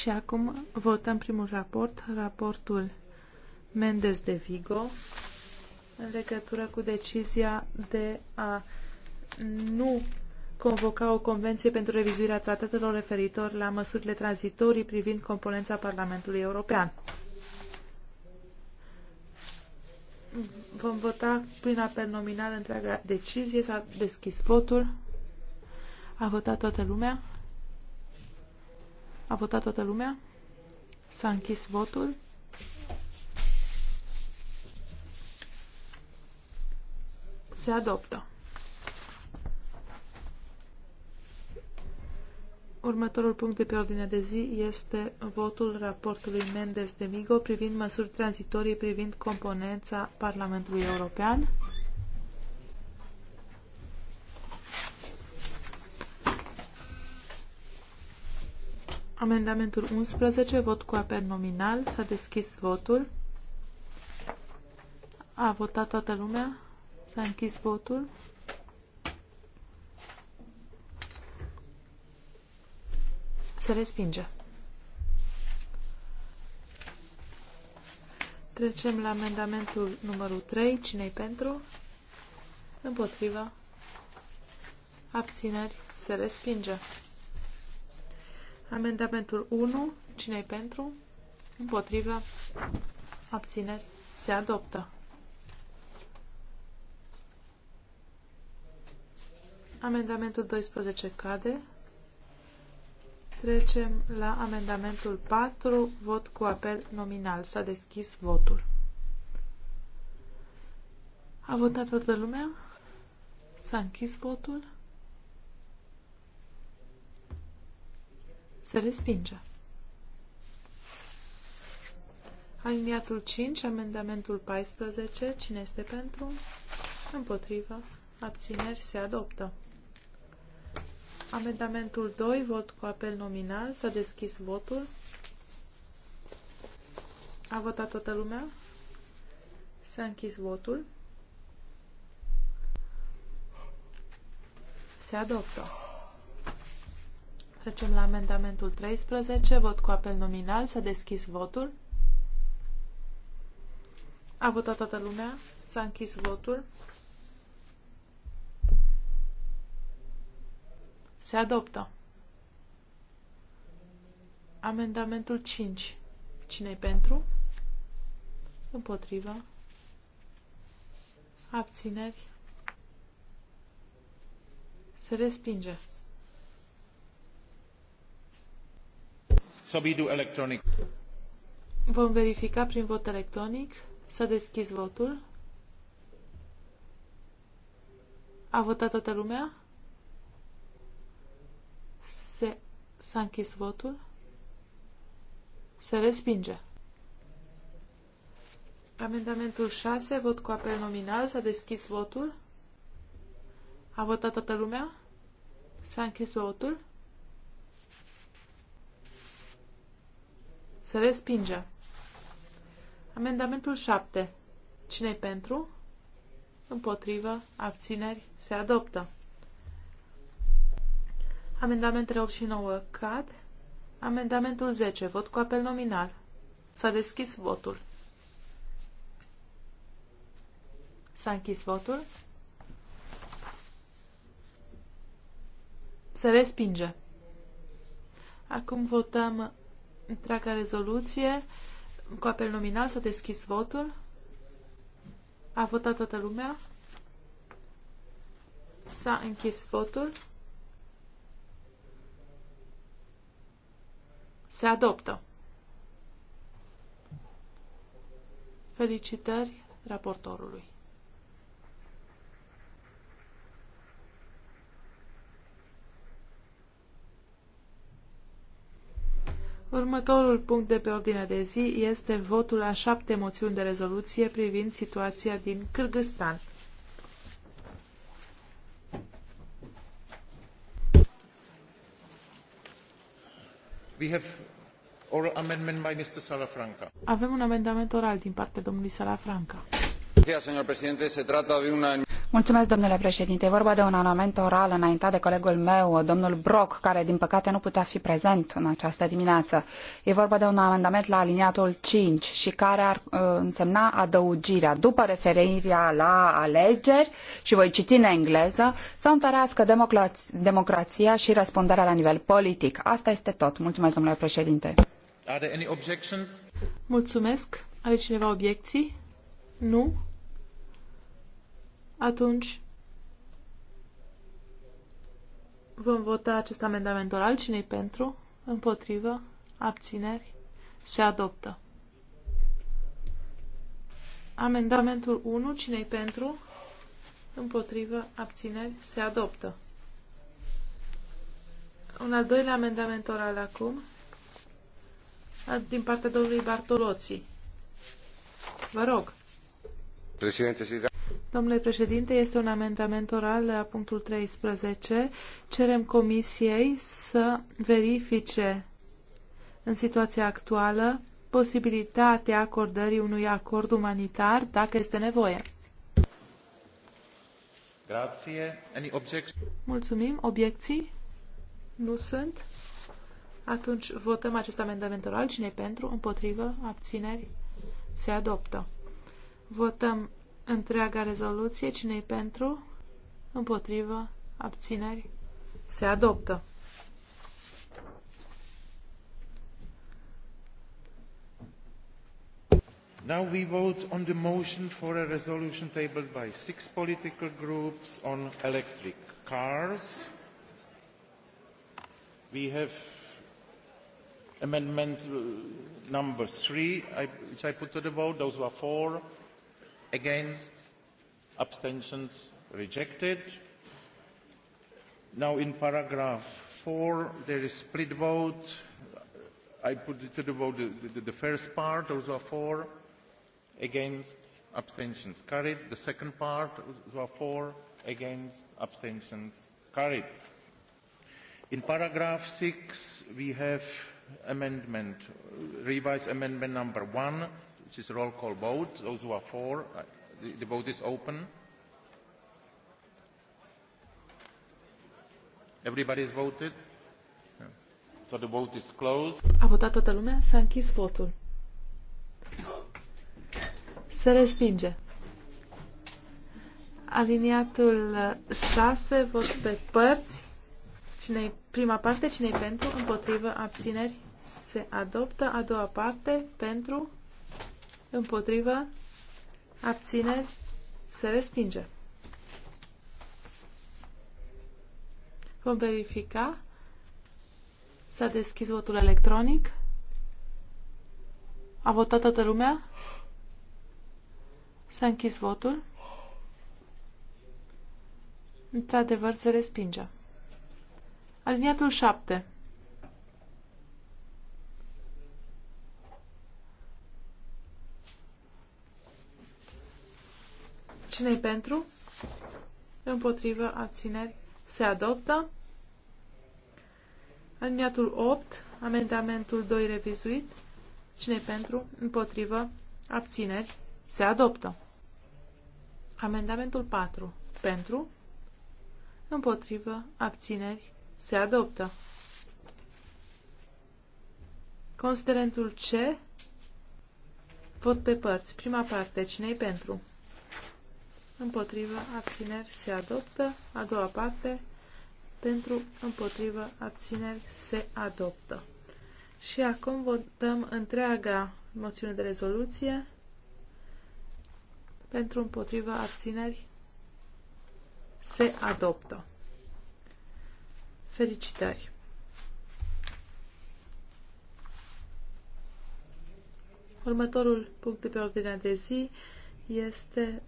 Și acum votăm primul raport, raportul Mendes de Vigo, în legătură cu decizia de a nu convoca o convenție pentru revizuirea tratatelor referitor la măsurile tranzitorii privind componența Parlamentului European. Vom vota prin apel nominal întreaga decizie. S-a deschis votul. A votat toată lumea. A votat toată lumea? S-a închis votul. Se adoptă. Următorul punct de pe ordinea de zi este votul raportului Mendes de Migo privind măsuri tranzitorii privind componența Parlamentului European. Amendamentul 11, vot cu apel nominal. S-a deschis votul. A votat toată lumea. S-a închis votul. Se respinge. Trecem la amendamentul numărul 3. Cine-i pentru? Împotriva. Abțineri. Se respinge. Amendamentul 1. Cine-i pentru? Împotrivă. Abțineri. Se adoptă. Amendamentul 12 cade. Trecem la amendamentul 4, vot cu apel nominal. S-a deschis votul. A votat toată lumea? S-a închis votul? Se respinge. Aliniatul 5, amendamentul 14. Cine este pentru? Împotrivă. Abțineri se adoptă. Amendamentul 2, vot cu apel nominal. S-a deschis votul. A votat toată lumea? S-a închis votul. Se adoptă. Trecem la amendamentul 13. Vot cu apel nominal. S-a deschis votul. A votat toată lumea. S-a închis votul. Se adoptă. Amendamentul 5. Cine-i pentru? Împotriva. Abțineri. Se respinge. So we do electronic. Vom verifica prin vot electronic. S-a deschis votul. A votat toată lumea? Se... S-a închis votul? Se respinge. Amendamentul 6, vot cu apel nominal. S-a deschis votul. A votat toată lumea? S-a închis votul? Se respinge. Amendamentul 7. Cine-i pentru? Împotrivă. Abțineri. Se adoptă. Amendamentele 8 și 9 cad. Amendamentul 10. Vot cu apel nominal. S-a deschis votul. S-a închis votul. Se respinge. Acum votăm întreaga rezoluție cu apel nominal. S-a deschis votul. A votat toată lumea. S-a închis votul. Se adoptă. Felicitări raportorului. Următorul punct de pe ordinea de zi este votul a șapte moțiuni de rezoluție privind situația din Kyrgyzstan. We have oral amendment by Mr. Salafranca. Avem un amendament oral din partea domnului Salafranca. Gracias, señor presidente. Se trata de una Mulțumesc, domnule președinte. E vorba de un amendament oral înaintat de colegul meu, domnul Brok, care, din păcate, nu putea fi prezent în această dimineață. E vorba de un amendament la aliniatul 5 și care ar uh, însemna adăugirea după referirea la alegeri, și voi citi în engleză, să întărească democrația, democrația și răspunderea la nivel politic. Asta este tot. Mulțumesc, domnule președinte. Are there any Mulțumesc. Are cineva obiecții? Nu? Atunci vom vota acest amendament oral. Cine-i pentru? Împotrivă? Abțineri? Se adoptă. Amendamentul 1. Cine-i pentru? Împotrivă? Abțineri? Se adoptă. Un al doilea amendament oral acum, din partea domnului Bartoloții. Vă rog. Președinte, Domnule președinte, este un amendament oral la punctul 13. Cerem comisiei să verifice în situația actuală posibilitatea acordării unui acord umanitar dacă este nevoie. Grazie. Any Mulțumim. Obiecții? Nu sunt. Atunci votăm acest amendament oral. Cine pentru? Împotrivă? Abțineri? Se adoptă. Votăm întreaga rezoluție. Cine-i pentru? Împotrivă? Abțineri? Se adoptă. Now we vote on the motion for a resolution tabled by six political groups on electric cars. We have amendment uh, number three, which I put to the vote. Those who are for, against abstentions rejected now in paragraph 4 there is split vote i put it to the vote the, the, the first part those are four against abstentions carried the second part those are four against abstentions carried in paragraph 6 we have amendment revised amendment number 1 which is roll call vote. Those who are for, uh, the, the vote is open. Everybody has voted? So the vote is closed. A votat toată lumea? S-a închis votul. Se respinge. Aliniatul 6, uh, vot pe părți. cine prima parte, cine pentru, împotrivă, abțineri, se adoptă. A doua parte, pentru, împotrivă, abțineri, se respinge. Vom verifica. S-a deschis votul electronic. A votat toată lumea? S-a închis votul. Într-adevăr, se respinge. Aliniatul 7. cine pentru? Împotrivă, abțineri, se adoptă. Aliniatul 8, amendamentul 2 revizuit. cine pentru? Împotrivă, abțineri, se adoptă. Amendamentul 4, pentru? Împotrivă, abțineri, se adoptă. Considerentul C, vot pe părți. Prima parte, cine pentru? împotrivă, abțineri, se adoptă. A doua parte, pentru, împotrivă, abțineri, se adoptă. Și acum votăm întreaga moțiune de rezoluție pentru, împotrivă, abțineri, se adoptă. Felicitări! Următorul punct de pe ordinea de zi este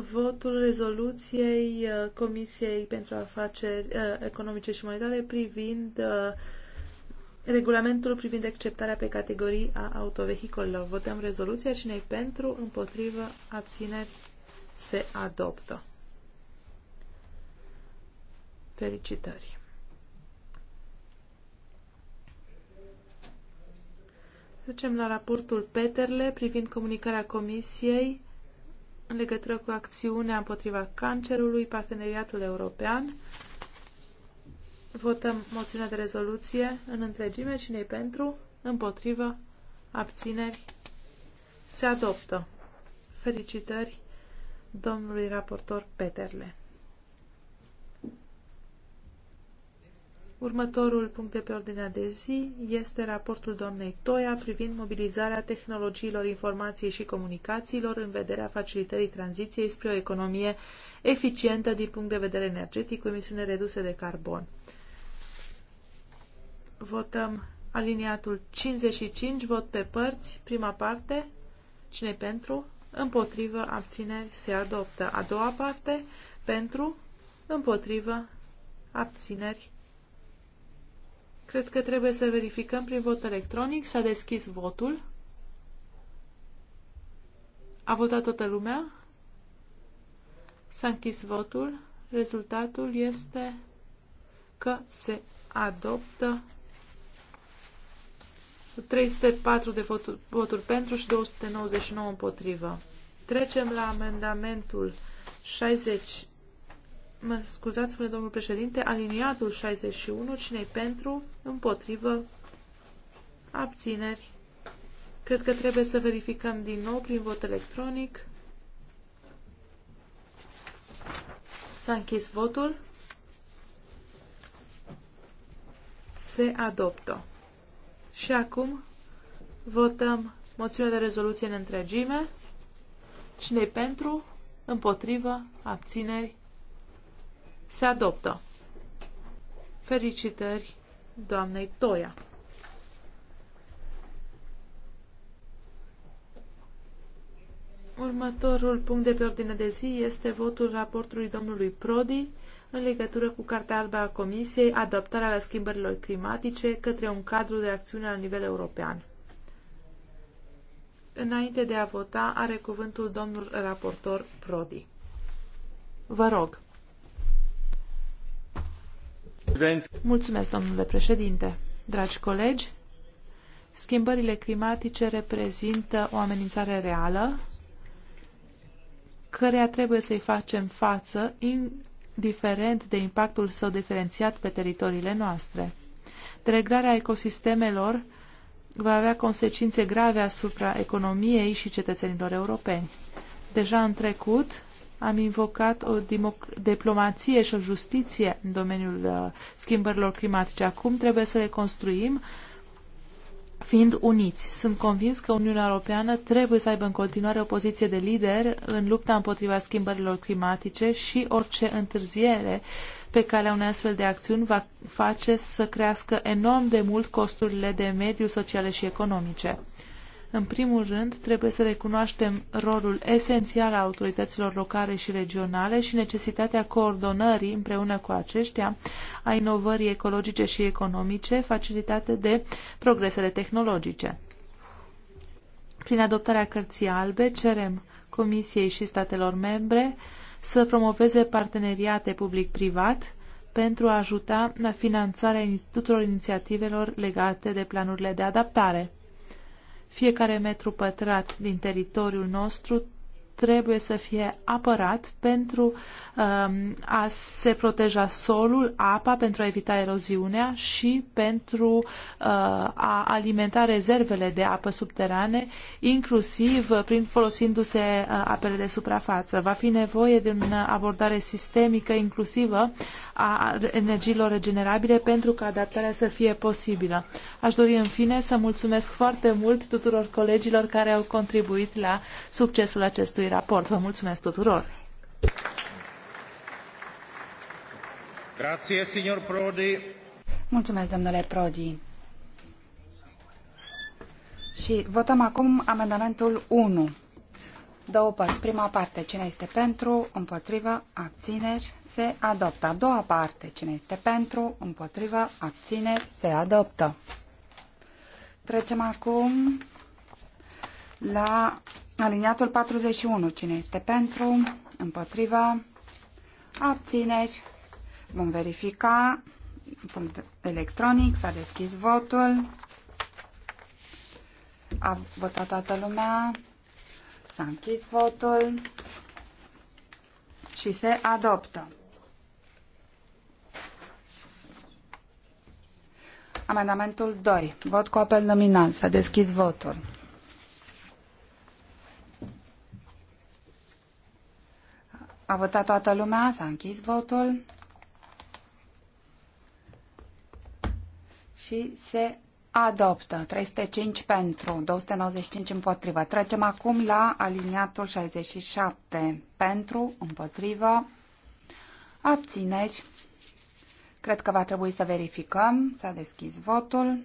votul rezoluției uh, Comisiei pentru Afaceri uh, Economice și Monetare privind uh, regulamentul privind acceptarea pe categorii a autovehicolelor. Votăm rezoluția. și noi pentru? Împotrivă? Abțineri? Se adoptă. Felicitări! Trecem la raportul Peterle privind comunicarea Comisiei în legătură cu acțiunea împotriva cancerului, parteneriatul european. Votăm moțiunea de rezoluție în întregime. cine pentru? Împotrivă? Abțineri? Se adoptă. Felicitări domnului raportor Peterle. Următorul punct de pe ordinea de zi este raportul doamnei Toia privind mobilizarea tehnologiilor informației și comunicațiilor în vederea facilitării tranziției spre o economie eficientă din punct de vedere energetic cu emisiune reduse de carbon. Votăm aliniatul 55, vot pe părți, prima parte, cine pentru, împotrivă, abțineri, se adoptă. A doua parte, pentru, împotrivă, abțineri, Cred că trebuie să verificăm prin vot electronic. S-a deschis votul. A votat toată lumea. S-a închis votul. Rezultatul este că se adoptă 304 de voturi, voturi pentru și 299 împotrivă. Trecem la amendamentul 60 Mă scuzați, spune domnul președinte, aliniatul 61, cine pentru, împotrivă, abțineri. Cred că trebuie să verificăm din nou prin vot electronic. S-a închis votul. Se adoptă. Și acum votăm moțiunea de rezoluție în întregime. Cine pentru? Împotrivă? Abțineri? Se adoptă. Felicitări doamnei Toia. Următorul punct de pe ordine de zi este votul raportului domnului Prodi în legătură cu Cartea Albă a Comisiei, adaptarea la schimbărilor climatice către un cadru de acțiune la nivel european. Înainte de a vota, are cuvântul domnul raportor Prodi. Vă rog. Mulțumesc, domnule președinte. Dragi colegi, schimbările climatice reprezintă o amenințare reală căreia trebuie să-i facem față, indiferent de impactul său diferențiat pe teritoriile noastre. Deregrarea ecosistemelor va avea consecințe grave asupra economiei și cetățenilor europeni. Deja în trecut, am invocat o diplomație și o justiție în domeniul uh, schimbărilor climatice. Acum trebuie să le construim fiind uniți. Sunt convins că Uniunea Europeană trebuie să aibă în continuare o poziție de lider în lupta împotriva schimbărilor climatice și orice întârziere pe calea unei astfel de acțiuni va face să crească enorm de mult costurile de mediu, sociale și economice. În primul rând, trebuie să recunoaștem rolul esențial al autorităților locale și regionale și necesitatea coordonării împreună cu aceștia a inovării ecologice și economice facilitate de progresele tehnologice. Prin adoptarea cărții albe cerem Comisiei și statelor membre să promoveze parteneriate public-privat pentru a ajuta la finanțarea tuturor inițiativelor legate de planurile de adaptare. Fiecare metru pătrat din teritoriul nostru trebuie să fie apărat pentru um, a se proteja solul, apa, pentru a evita eroziunea și pentru uh, a alimenta rezervele de apă subterane, inclusiv prin folosindu-se uh, apele de suprafață. Va fi nevoie de o abordare sistemică inclusivă a energiilor regenerabile pentru ca adaptarea să fie posibilă. Aș dori în fine să mulțumesc foarte mult tuturor colegilor care au contribuit la succesul acestui acestui raport. Vă mulțumesc tuturor! Grazie, signor Prodi. Mulțumesc, domnule Prodi. Și votăm acum amendamentul 1. Două părți. Prima parte, cine este pentru, împotrivă, abțineri, se adoptă. A doua parte, cine este pentru, împotrivă, abțineri, se adoptă. Trecem acum la Aliniatul 41. Cine este pentru? Împotriva? Abțineri? Vom verifica. Punct electronic. S-a deschis votul. A votat toată lumea. S-a închis votul. Și se adoptă. Amendamentul 2. Vot cu apel nominal. S-a deschis votul. A votat toată lumea, s-a închis votul și se adoptă 305 pentru, 295 împotriva. Trecem acum la aliniatul 67 pentru, împotriva, abțineți. Cred că va trebui să verificăm. S-a deschis votul.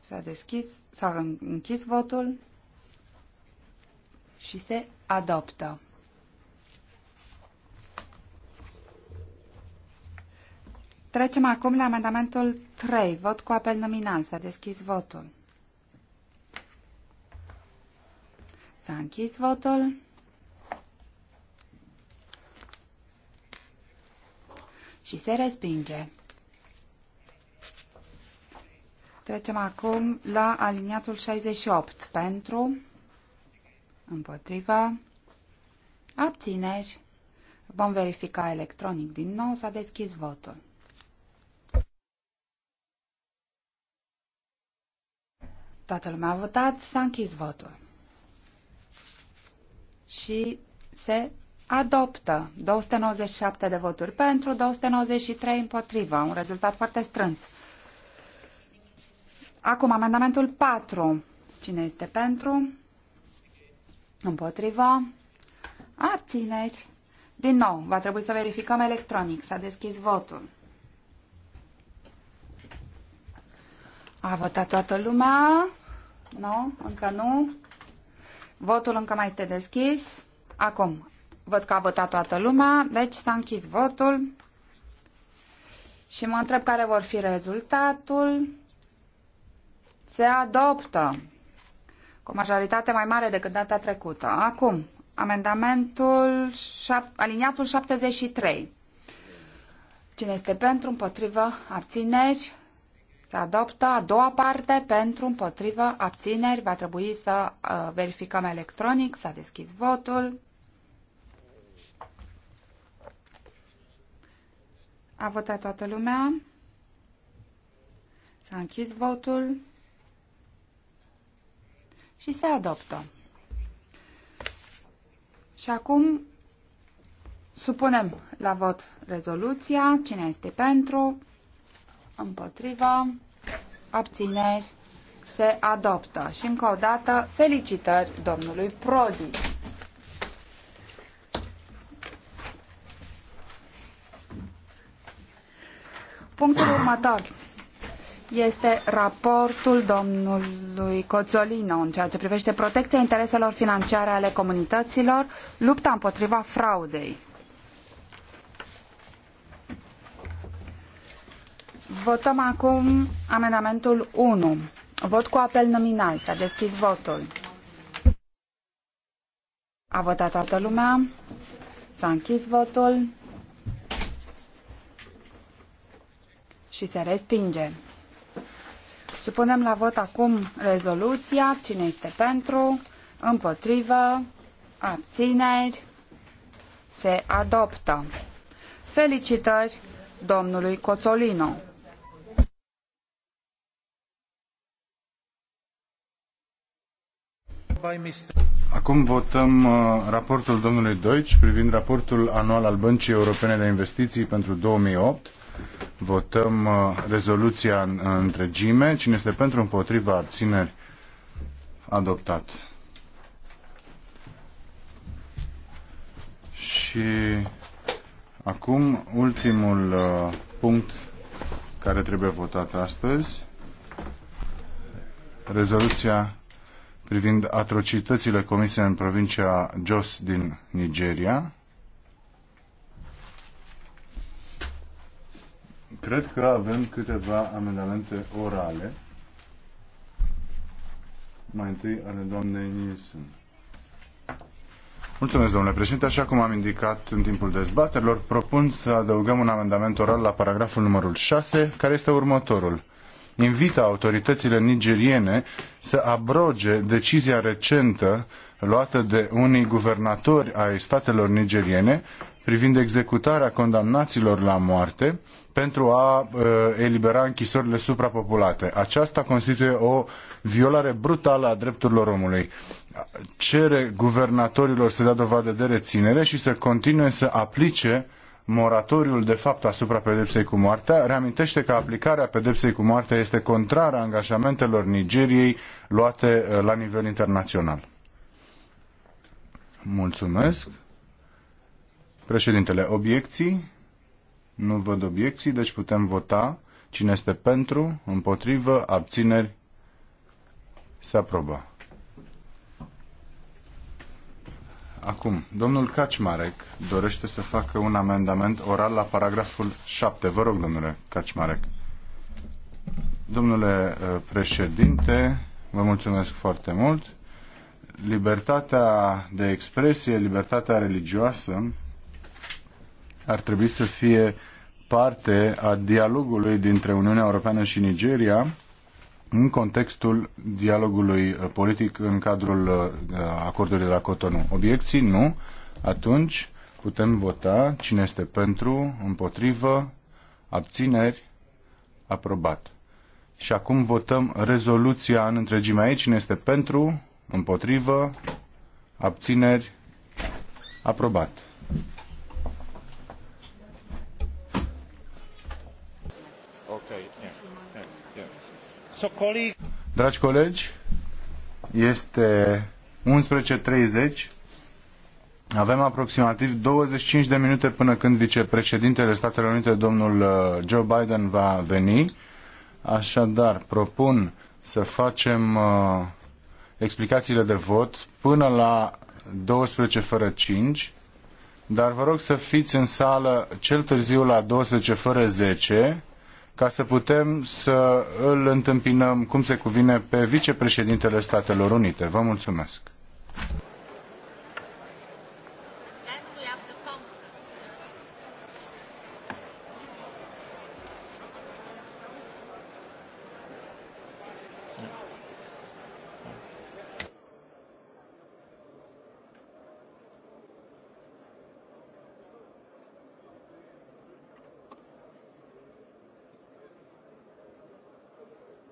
S-a deschis, s-a închis votul și se adoptă. Trecem acum la amendamentul 3, vot cu apel nominal. S-a deschis votul. S-a închis votul. Și se respinge. Trecem acum la aliniatul 68. Pentru, împotriva, abțineri, vom verifica electronic din nou, s-a deschis votul. Toată lumea a votat, s-a închis votul. Și se adoptă 297 de voturi pentru, 293 împotriva, un rezultat foarte strâns. Acum amendamentul 4. Cine este pentru? Împotriva. Abțineți. Din nou, va trebui să verificăm electronic. S-a deschis votul. A votat toată lumea? Nu? Încă nu? Votul încă mai este deschis. Acum, văd că a votat toată lumea, deci s-a închis votul. Și mă întreb care vor fi rezultatul. Se adoptă cu o majoritate mai mare decât data trecută. Acum, amendamentul aliniatul 73. Cine este pentru, împotrivă, abțineri, se adoptă. A doua parte, pentru, împotrivă, abțineri, va trebui să uh, verificăm electronic, s-a deschis votul. A votat toată lumea. S-a închis votul și se adoptă. Și acum supunem la vot rezoluția. Cine este pentru? Împotriva? Abțineri? Se adoptă. Și încă o dată, felicitări domnului Prodi. Punctul următor este raportul domnului Cozzolino în ceea ce privește protecția intereselor financiare ale comunităților, lupta împotriva fraudei. Votăm acum amendamentul 1. Vot cu apel nominal. S-a deschis votul. A votat toată lumea. S-a închis votul. Și se respinge. Supunem la vot acum rezoluția. Cine este pentru? Împotrivă? Abțineri? Se adoptă. Felicitări domnului Coțolino. Acum votăm uh, raportul domnului Deutsch privind raportul anual al Băncii Europene de Investiții pentru 2008 Votăm uh, rezoluția în întregime. Cine este pentru, împotriva, abțineri, adoptat. Și acum ultimul uh, punct care trebuie votat astăzi. Rezoluția privind atrocitățile comise în provincia Jos din Nigeria. Cred că avem câteva amendamente orale. Mai întâi ale doamnei Nielsen. Mulțumesc, domnule președinte. Așa cum am indicat în timpul dezbaterilor, propun să adăugăm un amendament oral la paragraful numărul 6, care este următorul. Invită autoritățile nigeriene să abroge decizia recentă luată de unii guvernatori ai statelor nigeriene privind executarea condamnaților la moarte pentru a uh, elibera închisorile suprapopulate. Aceasta constituie o violare brutală a drepturilor omului. Cere guvernatorilor să dea dovadă de reținere și să continue să aplice moratoriul de fapt asupra pedepsei cu moartea, reamintește că aplicarea pedepsei cu moartea este contrară angajamentelor Nigeriei luate uh, la nivel internațional. Mulțumesc. Președintele, obiecții? Nu văd obiecții, deci putem vota. Cine este pentru, împotrivă, abțineri, se aprobă. Acum, domnul Kaczmarek dorește să facă un amendament oral la paragraful 7. Vă rog, domnule Kaczmarek. Domnule uh, președinte, vă mulțumesc foarte mult. Libertatea de expresie, libertatea religioasă ar trebui să fie parte a dialogului dintre Uniunea Europeană și Nigeria în contextul dialogului uh, politic în cadrul uh, acordului de la Cotonou. Obiecții? Nu. Atunci putem vota cine este pentru, împotrivă, abțineri, aprobat. Și acum votăm rezoluția în întregime aici. Cine este pentru, împotrivă, abțineri, aprobat. Dragi colegi, este 11.30. Avem aproximativ 25 de minute până când vicepreședintele Statelor Unite, domnul uh, Joe Biden, va veni. Așadar, propun să facem uh, explicațiile de vot până la 12 fără 5, dar vă rog să fiți în sală cel târziu la 12 fără 10, ca să putem să îl întâmpinăm cum se cuvine pe vicepreședintele Statelor Unite. Vă mulțumesc!